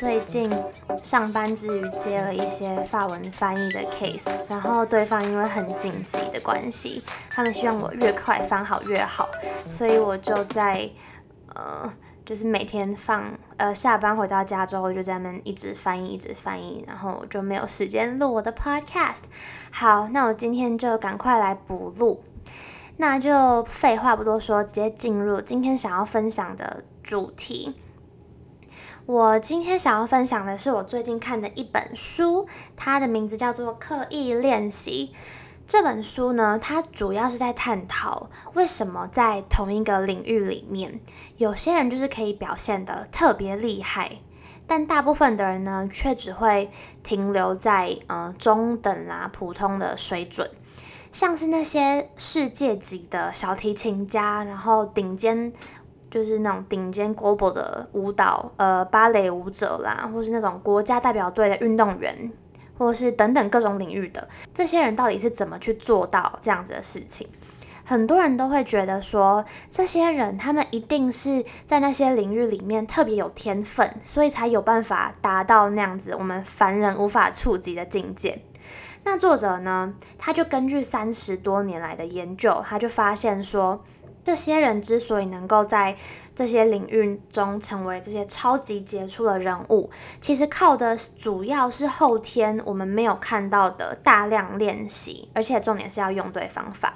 最近上班之餘接了一些法文翻譯的 case，然後對方因為很緊急的關係，他們希望我越快翻好越好，所以我就在呃，就是每天放呃下班回到家之後，就在那一直翻譯，一直翻譯，然後就沒有時間錄我的 podcast。好，那我今天就趕快來補錄。那就廢話不多說，直接進入今天想要分享的主題。我今天想要分享的是我最近看的一本書，它的名字叫做《刻意練習》。這本書呢，它主要是在探討為什麼在同一個領域裡面，有些人就是可以表現得特別厲害，但大部分的人呢，卻只會停留在呃中等啊普通的水準。像是那些世界級的小提琴家，然後頂尖就是那種頂尖 global 的舞蹈，呃，芭蕾舞者啦，或是那種國家代表隊的運動員，或是等等各種領域的這些人，到底是怎麼去做到這樣子的事情？很多人都會覺得說，這些人他們一定是在那些領域裡面特別有天分，所以才有辦法達到那樣子我們凡人無法觸及的境界。那作者呢，他就根據三十多年來的研究，他就發現說，這些人之所以能夠在這些領域中成為這些超級傑出的人物，其實靠的主要是後天我們沒有看到的大量練習，而且重點是要用對方法。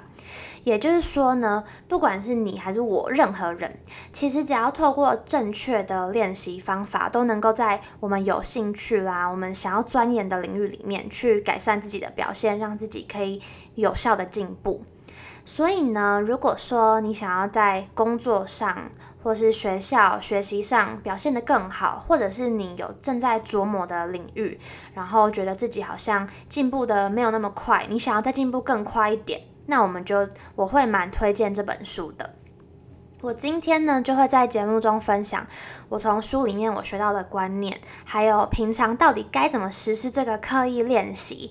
也就是說呢，不管是你還是我，任何人，其實只要透過正確的練習方法，都能夠在我們有興趣啦，我們想要鑽研的領域裡面，去改善自己的表現，讓自己可以有效的進步。所以呢，如果說你想要在工作上或是學校學習上表現得更好，或者是你有正在琢磨的領域，然後覺得自己好像進步的沒有那麼快，你想要再進步更快一點。那我們就，我會蠻推薦這本書的。我今天呢，就會在節目中分享我從書裡面我學到的觀念，還有平常到底該怎麼實施這個刻意練習，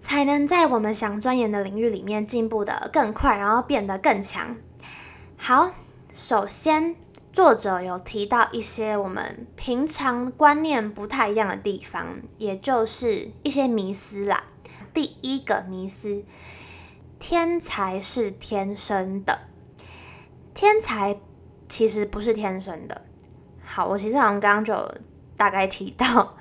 才能在我們想鑽研的領域裡面進步得更快，然後變得更強。好，首先作者有提到一些我們平常觀念不太一樣的地方，也就是一些迷思啦。第一個迷思。天才是天生的，天才其實不是天生的。好，我其實好像剛剛就大概提到，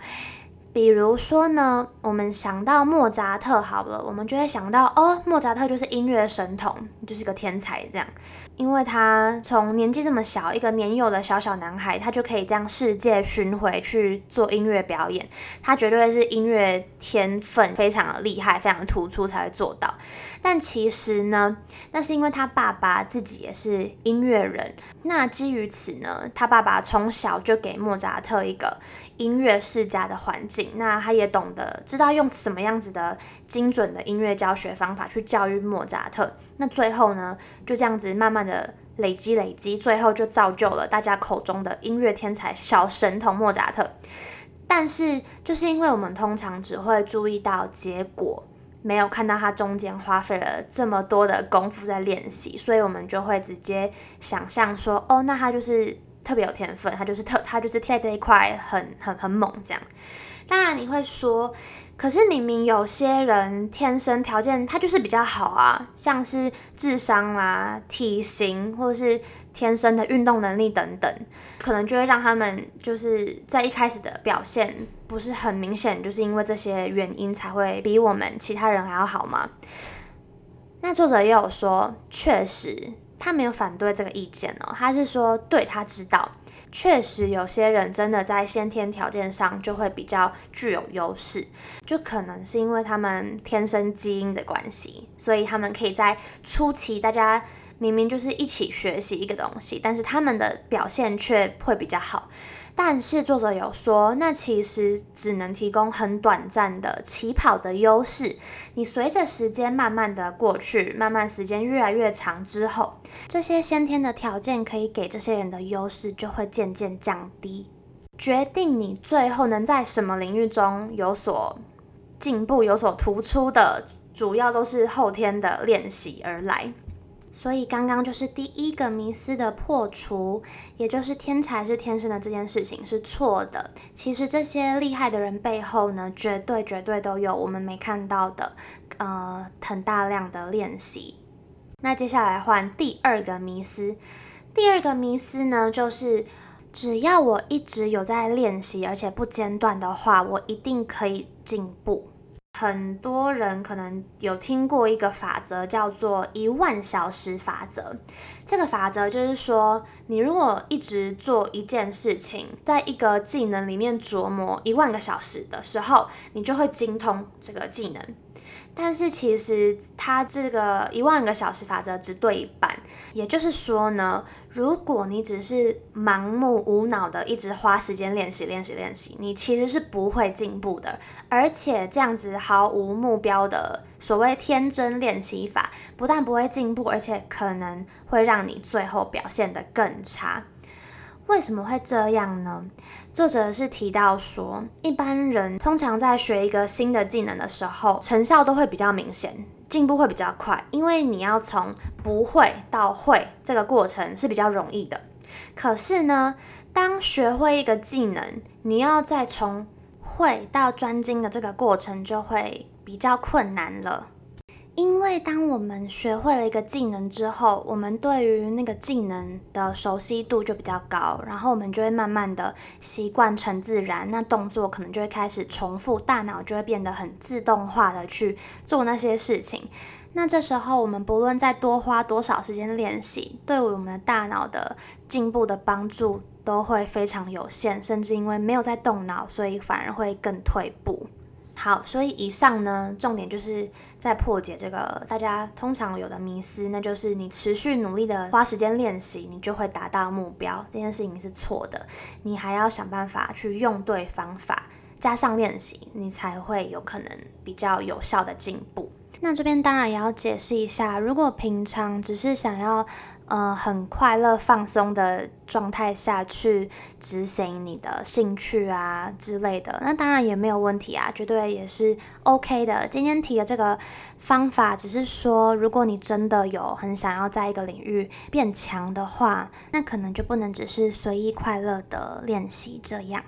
比如說呢，我們想到莫扎特，好了，我們就會想到哦，莫扎特就是音樂神童，就是個天才這樣，因為他從年紀這麼小，一個年幼的小小男孩，他就可以這樣世界巡迴去做音樂表演，他絕對是音樂天分非常厲害，非常突出才會做到。但其實呢，那是因為他爸爸自己也是音樂人。那基於此呢，他爸爸從小就給莫扎特一個音樂世家的環境。那他也懂得知道用什麼樣子的精準的音樂教學方法去教育莫扎特。那最後呢，就這樣子慢慢的累積累積，最後就造就了大家口中的音樂天才小神童莫扎特。但是，就是因為我們通常只會注意到結果。沒有看到他中間花費了這麼多的功夫在練習，所以我們就會直接想象說，哦，那他就是特別有天分，他就是特，他就是在這一塊很很很猛這樣。當然你會說。可是明明有些人天生條件他就是比較好啊，像是智商啦、啊、體型或者是天生的運動能力等等，可能就會讓他們就是在一開始的表現不是很明顯，就是因為這些原因才會比我們其他人還要好嗎？那作者也有說，確實他沒有反對這個意見哦，他是說對，他知道。確實，有些人真的在先天條件上就會比較具有優勢，就可能是因為他們天生基因的關係，所以他們可以在初期，大家明明就是一起學習一個東西，但是他們的表現卻會比較好。但是作者有說，那其實只能提供很短暫的起跑的優勢。你隨着時間慢慢的過去，慢慢時間越來越長之後，這些先天的條件可以給這些人的優勢就會漸漸降低。決定你最後能在什麼領域中有所進步、有所突出的，主要都是後天的練習而來。所以剛剛就是第一個迷思的破除，也就是天才是天生的這件事情是錯的。其實這些厲害的人背後呢，絕對絕對都有我們沒看到的，呃，很大量的練習。那接下來換第二個迷思，第二個迷思呢，就是只要我一直有在練習，而且不間斷的話，我一定可以進步。很多人可能有聽過一個法則，叫做一萬小時法則。這個法則就是說，你如果一直做一件事情，在一個技能裡面琢磨一萬個小時的時候，你就會精通這個技能。但是其實，它這個一萬個小時法則只對一半。也就是說呢，如果你只是盲目無腦的一直花時間練習、練習、練習，你其實是不會進步的。而且這樣子毫無目標的所謂天真練習法，不但不會進步，而且可能會讓你最後表現得更差。為什麼會這樣呢？作者是提到說，一般人通常在學一個新的技能的時候，成效都會比較明顯，進步會比較快，因為你要從不會到會這個過程是比較容易的。可是呢，當學會一個技能，你要再從會到專精的這個過程就會比較困難了。因為當我們學會了一個技能之後，我們對於那個技能的熟悉度就比較高，然後我們就會慢慢的習慣成自然，那動作可能就會開始重複，大腦就會變得很自動化的去做那些事情。那這時候我們不論再多花多少時間練習，對我們的大腦的進步的幫助都會非常有限，甚至因為沒有在動腦，所以反而會更退步。好，所以以上呢，重點就是在破解這個大家通常有的迷思，那就是你持續努力的花時間練習，你就會達到目標。這件事情是錯的，你還要想辦法去用對方法，加上練習，你才會有可能比較有效的進步。那這邊當然也要解釋一下，如果平常只是想要。呃，很快樂、放鬆的狀態下去執行你的興趣啊之類的，那當然也沒有問題啊，絕對也是 OK 的。今天提的這個方法，只是說，如果你真的有很想要在一個領域變強的話，那可能就不能只是隨意快樂的練習這樣。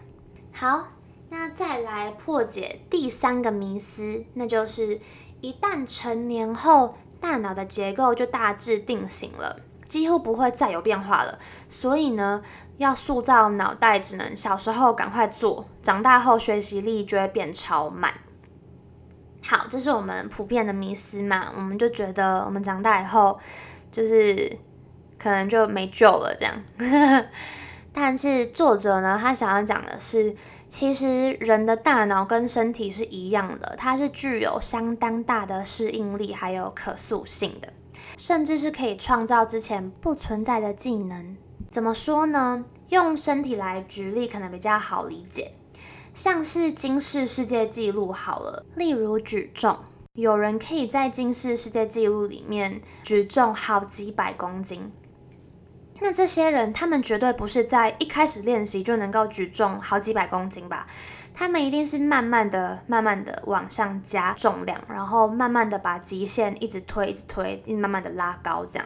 好，那再來破解第三個迷思，那就是一旦成年後，大腦的結構就大致定型了。幾乎不會再有變化了，所以呢，要塑造腦袋只能小時候趕快做，長大後學習力就會變超慢。好，這是我們普遍的迷思嘛，我們就覺得我們長大以後就是可能就沒救了這樣。 但是作者呢，他想要講的是，其實人的大腦跟身體是一樣的，它是具有相當大的適應力還有可塑性的。甚至是可以創造之前不存在的技能，怎麼說呢？用身體來舉例可能比較好理解，像是金氏世界紀錄好了，例如舉重，有人可以在金氏世界紀錄裡面舉重好幾百公斤，那這些人他們絕對不是在一開始練習就能夠舉重好幾百公斤吧？他們一定是慢慢的、慢慢的往上加重量，然後慢慢的把極限一直推、一直推，一直慢慢的拉高這樣。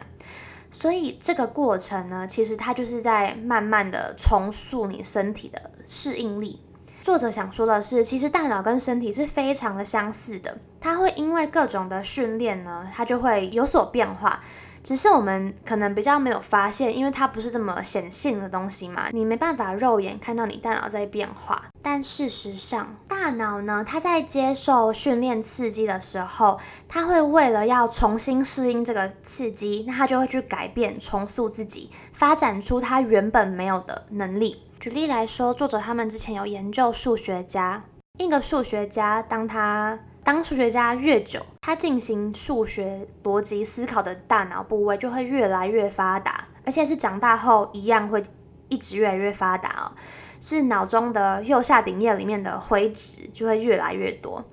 所以這個過程呢，其實它就是在慢慢的重塑你身體的適應力。作者想說的是，其實大腦跟身體是非常的相似的，它會因為各種的訓練呢，它就會有所變化。只是我們可能比較沒有發現，因為它不是這麼顯性的東西嘛，你沒辦法肉眼看到你大腦在變化。但事實上，大腦呢，它在接受訓練刺激的時候，它會為了要重新適應這個刺激，那它就會去改變、重塑自己，發展出它原本沒有的能力。舉例來說，作者他們之前有研究數學家，一個數學家當他。當數學家越久，他進行數學邏輯思考的大腦部位就會越來越發達，而且是長大後一樣會一直越來越發達哦，是腦中的右下頂葉裡面的灰質就會越來越多，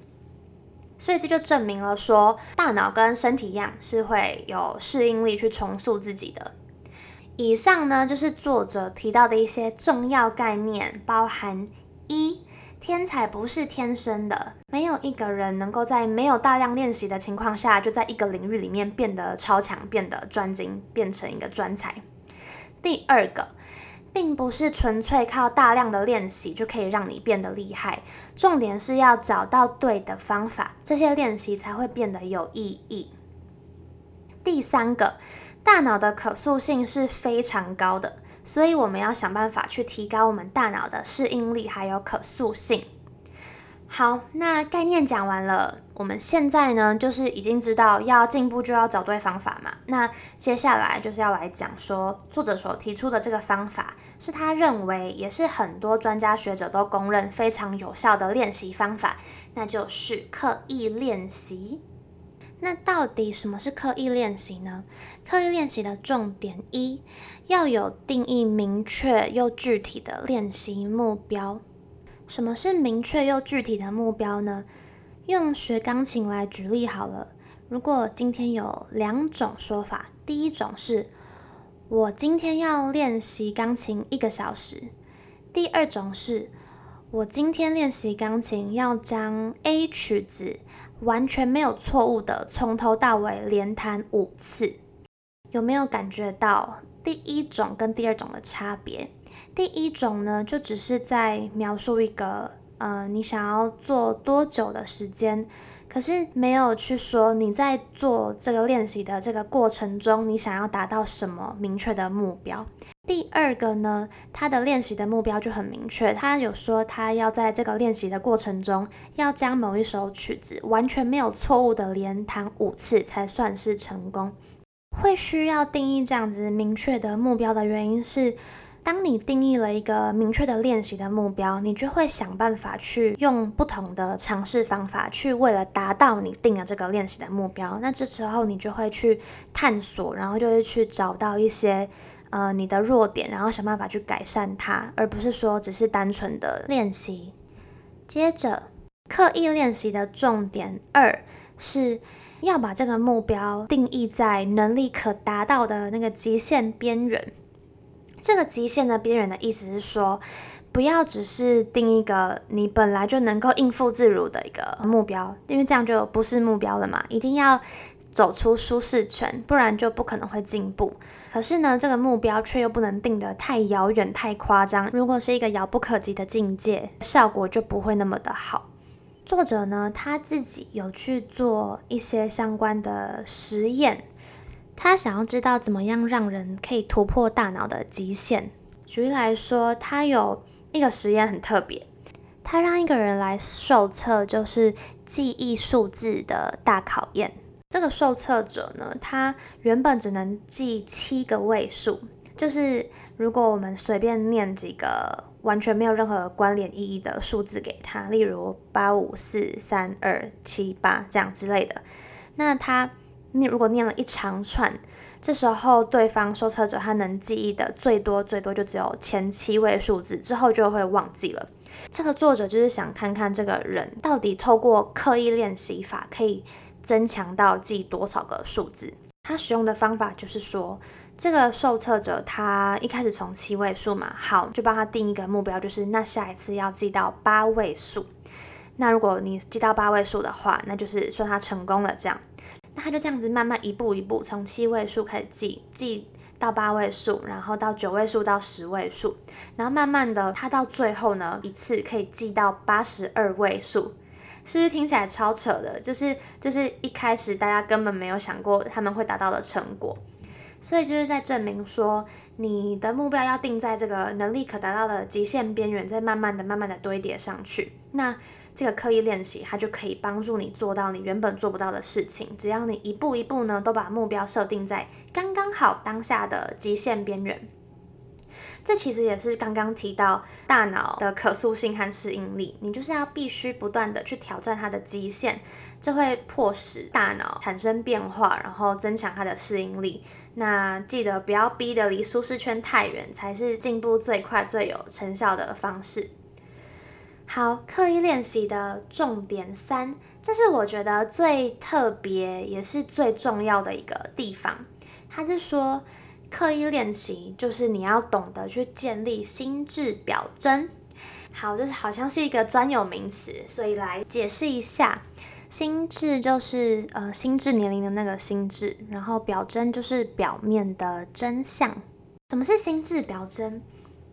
所以這就證明了說，大腦跟身體一樣是會有適應力去重塑自己的。以上呢就是作者提到的一些重要概念，包含一，天才不是天生的，沒有一個人能夠在沒有大量練習的情況下，就在一個領域裡面變得超強，變得專精，變成一個專才。第二個，並不是純粹靠大量的練習就可以讓你變得厲害，重點是要找到對的方法，這些練習才會變得有意義。第三個，大腦的可塑性是非常高的。所以我們要想辦法去提高我們大腦的適應力，還有可塑性。好，那概念講完了，我們現在呢就是已經知道要進步就要找對方法嘛。那接下來就是要來講說作者所提出的這個方法，是他認為也是很多專家學者都公認非常有效的練習方法，那就是刻意練習。那到底什麼是刻意練習呢？刻意練習的重點一。要有定義明確又具體的練習目標。什麼是明確又具體的目標呢？用學鋼琴來舉例好了。如果今天有兩種說法，第一種是我今天要練習鋼琴一個小時；第二種是我今天練習鋼琴要將 A 曲子完全沒有錯誤的從頭到尾連彈五次。有沒有感覺到？第一種跟第二種的差別，第一種呢就只是在描述一個，呃，你想要做多久的時間，可是沒有去說你在做這個練習的這個過程中，你想要達到什麼明確的目標。第二個呢，他的練習的目標就很明確，他有說他要在這個練習的過程中，要將某一首曲子完全沒有錯誤的連彈五次才算是成功。會需要定義這樣子明確的目標的原因是，當你定義了一個明確的練習的目標，你就會想辦法去用不同的嘗試方法去為了達到你定的這個練習的目標。那這時候你就會去探索，然後就會去找到一些呃你的弱點，然後想辦法去改善它，而不是說只是單純的練習。接着刻意練習的重點二是。要把這個目標定義在能力可達到的那個極限邊緣。這個極限的邊緣的意思是說，不要只是定一個你本來就能夠應付自如的一個目標，因為這樣就不是目標了嘛。一定要走出舒適圈，不然就不可能會進步。可是呢，這個目標卻又不能定得太遙遠、太誇張。如果是一個遙不可及的境界，效果就不會那麼的好。作者呢，他自己有去做一些相關的實驗，他想要知道怎麼樣讓人可以突破大腦的極限。舉例來說，他有一個實驗很特別，他讓一個人來受測，就是記憶數字的大考驗。這個受測者呢，他原本只能記七個位數，就是如果我們隨便念幾個。完全沒有任何關聯意義的數字給他，例如八五四三二七八這樣之類的。那他念如果念了一長串，這時候對方受測者他能記憶的最多最多就只有前七位數字，之後就會忘記了。這個作者就是想看看這個人到底透過刻意練習法可以增強到記多少個數字？他使用的方法就是說。這個受測者他一開始從七位數嘛，好，就幫他定一個目標，就是那下一次要記到八位數。那如果你記到八位數的話，那就是說他成功了。這樣，那他就這樣子慢慢一步一步從七位數開始記，記到八位數，然後到九位數到十位數，然後慢慢的他到最後呢，一次可以記到八十二位數，是不是聽起來超扯的？就是就是一開始大家根本沒有想過他們會達到的成果。所以就是在證明說，你的目標要定在這個能力可達到的極限邊緣，再慢慢的、慢慢的堆疊上去。那這個刻意練習，它就可以幫助你做到你原本做不到的事情。只要你一步一步呢，都把目標設定在剛剛好當下的極限邊緣，這其實也是剛剛提到大腦的可塑性和適應力。你就是要必須不斷的去挑戰它的極限，這會迫使大腦產生變化，然後增強它的適應力。那記得不要逼得離舒適圈太遠，才是進步最快、最有成效的方式。好，刻意練習的重點三，這是我覺得最特別也是最重要的一個地方。他是說，刻意練習就是你要懂得去建立心智表徵。好，這好像是一個專有名詞，所以來解釋一下。心智就是呃、心智年齡的那個心智，然後表徵就是表面的真相。什麼是心智表徵？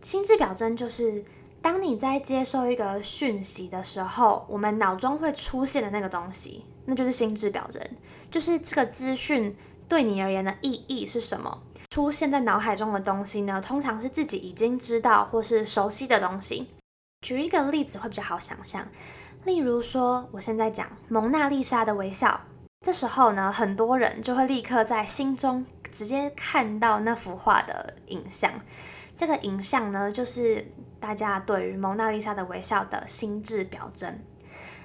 心智表徵就是當你在接受一個訊息的時候，我們腦中會出現的那個東西，那就是心智表徵。就是這個資訊對你而言的意義是什麼？出現在腦海中的東西呢，通常是自己已經知道或是熟悉的東西。舉一個例子會比較好想象，例如說，我現在講蒙娜麗莎的微笑，這時候呢，很多人就會立刻在心中直接看到那幅畫的影像，這個影像呢，就是大家對於蒙娜麗莎的微笑的心智表徵。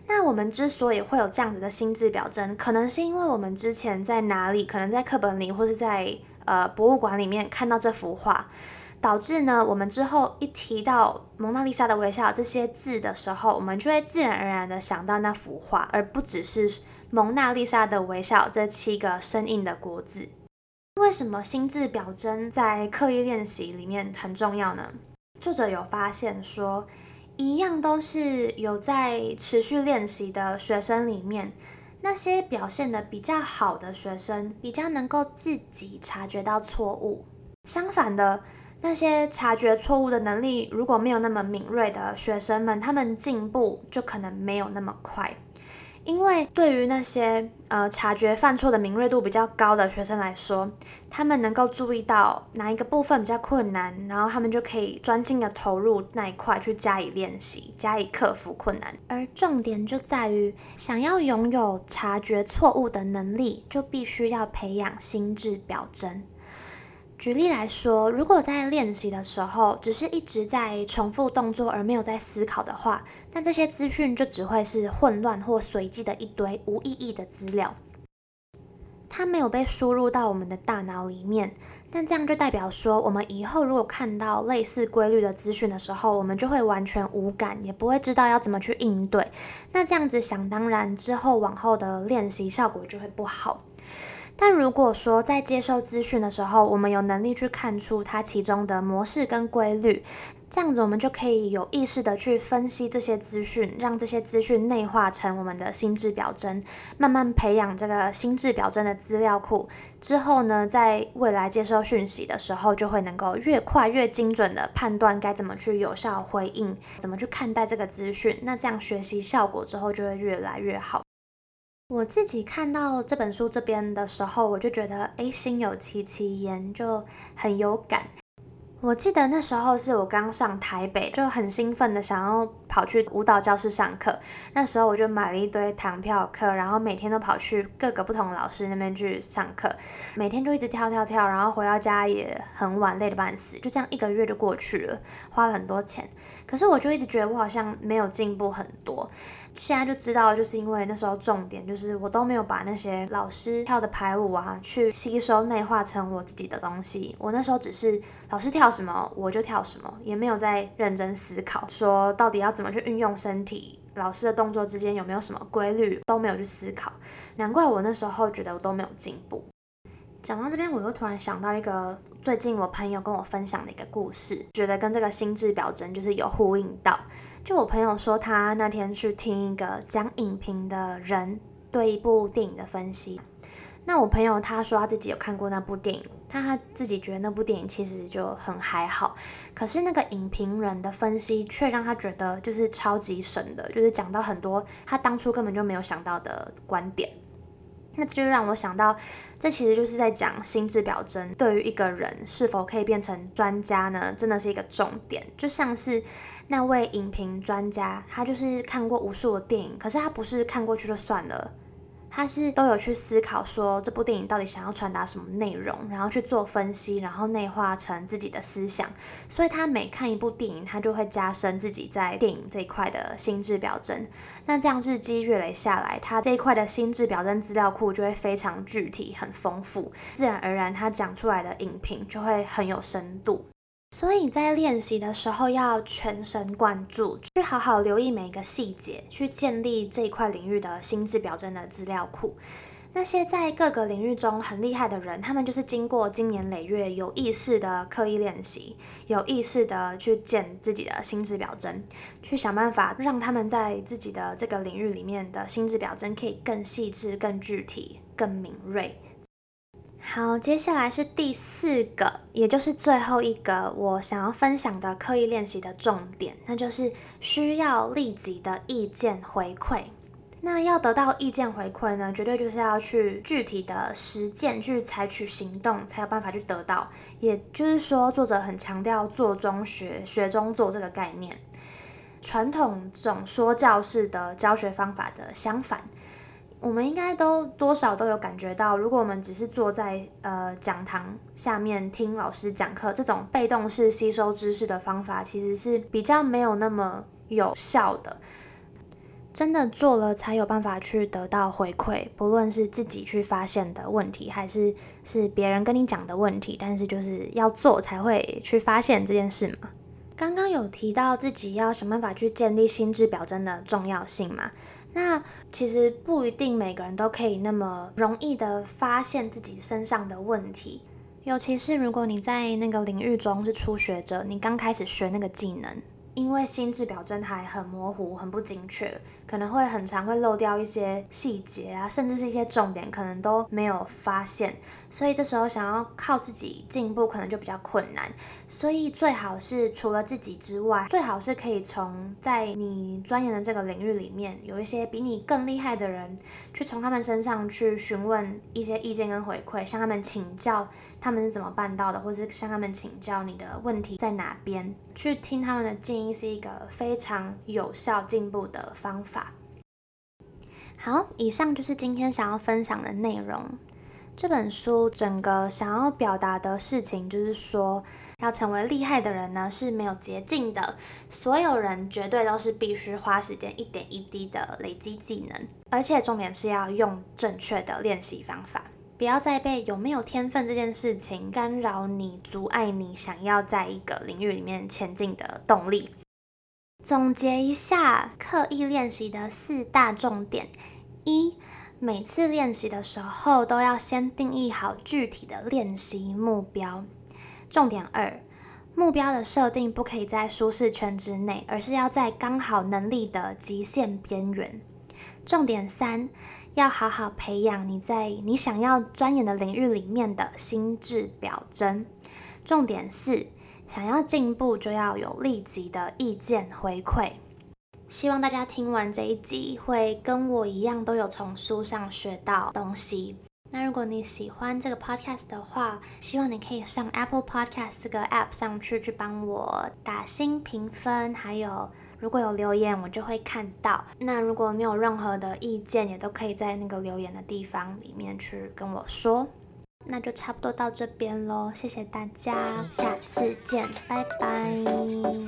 那我們之所以會有這樣子的心智表徵，可能是因為我們之前在哪裡，可能在課本裡或是在呃博物館裡面看到這幅畫。導致呢，我們之後一提到《蒙娜麗莎的微笑》這些字的時候，我們就會自然而然的想到那幅畫，而不只是《蒙娜麗莎的微笑》這七個生硬的國字。為什麼心智表徵在刻意練習裡面很重要呢？作者有發現說，一樣都是有在持續練習的學生裡面，那些表現的比較好的學生，比較能夠自己察覺到錯誤，相反的，那些察覺錯誤的能力，如果沒有那麼敏銳的學生們，他們進步就可能沒有那麼快。因為對於那些呃察覺犯錯的敏銳度比較高的學生來說，他們能夠注意到哪一個部分比較困難，然後他們就可以專心地投入那一塊去加以練習，加以克服困難。而重點就在於，想要擁有察覺錯誤的能力，就必須要培養心智表徵。舉例來說，如果在練習的時候，只是一直在重複動作而沒有在思考的話，那這些資訊就只會是混亂或隨機的一堆無意義的資料。它沒有被輸入到我們的大腦裡面，但這樣就代表說，我們以後如果看到類似規律的資訊的時候，我們就會完全無感，也不會知道要怎麼去應對。那這樣子想當然，之後往後的練習效果就會不好。那如果說在接受資訊的時候，我們有能力去看出它其中的模式跟規律，這樣子我們就可以有意識的去分析這些資訊，讓這些資訊內化成我們的心智表徵，慢慢培養這個心智表徵的資料庫。之後呢，在未來接收訊息的時候，就會能夠越快越精準的判斷該怎麼去有效回應，怎麼去看待這個資訊。那這樣學習效果之後就會越來越好。我自己看到這本書這邊的時候，我就覺得，誒，心有戚戚焉，就很有感。我記得那時候是我剛上台北，就很興奮的想要跑去舞蹈教室上課。那時候我就買了一堆堂票課，然後每天都跑去各個不同老師那邊去上課，每天就一直跳跳跳，然後回到家也很晚，累得半死。就這樣一個月就過去了，花了很多錢。可是我就一直覺得我好像沒有進步很多，現在就知道了，就是因為那時候重點就是我都沒有把那些老師跳的排舞啊去吸收內化成我自己的東西。我那時候只是老師跳什麼我就跳什麼，也沒有在認真思考說到底要怎麼去運用身體，老師的動作之間有沒有什麼規律都沒有去思考，難怪我那時候覺得我都沒有進步。講到這邊，我又突然想到一個最近我朋友跟我分享的一個故事，覺得跟這個心智表徵就是有呼應到。就我朋友說，他那天去聽一個講影評的人對一部電影的分析。那我朋友他說他自己有看過那部電影，他他自己覺得那部電影其實就很還好，可是那個影評人的分析卻讓他覺得就是超級神的，就是講到很多他當初根本就沒有想到的觀點。那這就讓我想到，這其實就是在講心智表徵，對於一個人是否可以變成專家呢，真的是一個重點。就像是那位影評專家，他就是看過無數的電影，可是他不是看過去就算了。他是都有去思考說這部電影到底想要傳達什麼內容，然後去做分析，然後內化成自己的思想。所以他每看一部電影，他就會加深自己在電影這一塊的心智表徵。那這樣日積月累下來，他這一塊的心智表徵資料庫就會非常具體、很豐富。自然而然，他講出來的影評就會很有深度。所以在練習的時候，要全神貫注，去好好留意每一個細節，去建立這一塊領域的心智表徵的資料庫。那些在各個領域中很厲害的人，他們就是經過經年累月有意識的刻意練習，有意識的去建自己的心智表徵，去想辦法讓他們在自己的這個領域裡面的心智表徵可以更細緻、更具體、更敏銳。好，接下來是第四個，也就是最後一個我想要分享的刻意練習的重點，那就是需要立即的意見回饋。那要得到意見回饋呢，絕對就是要去具體的實踐，去採取行動，才有辦法去得到。也就是說，作者很強調做中學、學中做這個概念，傳統這種說教式的教學方法的相反。我們應該都多少都有感覺到，如果我們只是坐在呃講堂下面聽老師講課，這種被動式吸收知識的方法，其實是比較沒有那麼有效的。真的做了才有辦法去得到回饋，不論是自己去發現的問題，還是是別人跟你講的問題，但是就是要做才會去發現這件事嘛。剛剛有提到自己要想辦法去建立心智表徵的重要性嘛。那其實不一定每個人都可以那麼容易的發現自己身上的問題，尤其是如果你在那個領域中是初學者，你剛開始學那個技能，因為心智表徵還很模糊、很不精確，可能會很常會漏掉一些細節啊，甚至是一些重點可能都沒有發現，所以這時候想要靠自己進步可能就比較困難，所以最好是除了自己之外，最好是可以從在你鑽研的這個領域裡面有一些比你更厲害的人，去從他們身上去詢問一些意見跟回饋，向他們請教他們是怎麼辦到的，或是向他們請教你的問題在哪邊，去聽他們的建議。是一個非常有效進步的方法。好，以上就是今天想要分享的內容。這本書整個想要表達的事情，就是說，要成為厲害的人呢，是沒有捷徑的。所有人絕對都是必須花時間一點一滴的累積技能，而且重點是要用正確的練習方法。不要再被有沒有天分這件事情干擾你、阻礙你想要在一個領域裡面前進的動力。總結一下刻意練習的四大重點：一、每次練習的時候都要先定義好具體的練習目標；重點二、目標的設定不可以在舒適圈之內，而是要在剛好能力的極限邊緣；重點三，要好好培養你在你想要鑽研的領域裡面的心智表徵。重點是，想要進步就要有立即的意見回饋。希望大家聽完這一集，會跟我一樣都有從書上學到東西。那如果你喜歡這個 Podcast 的話，希望你可以上 Apple Podcast 這個 App 上去去幫我打新評分，還有。如果有留言，我就會看到。那如果你有任何的意見，也都可以在那個留言的地方裡面去跟我說。那就差不多到這邊咯，謝謝大家，下次見，拜拜。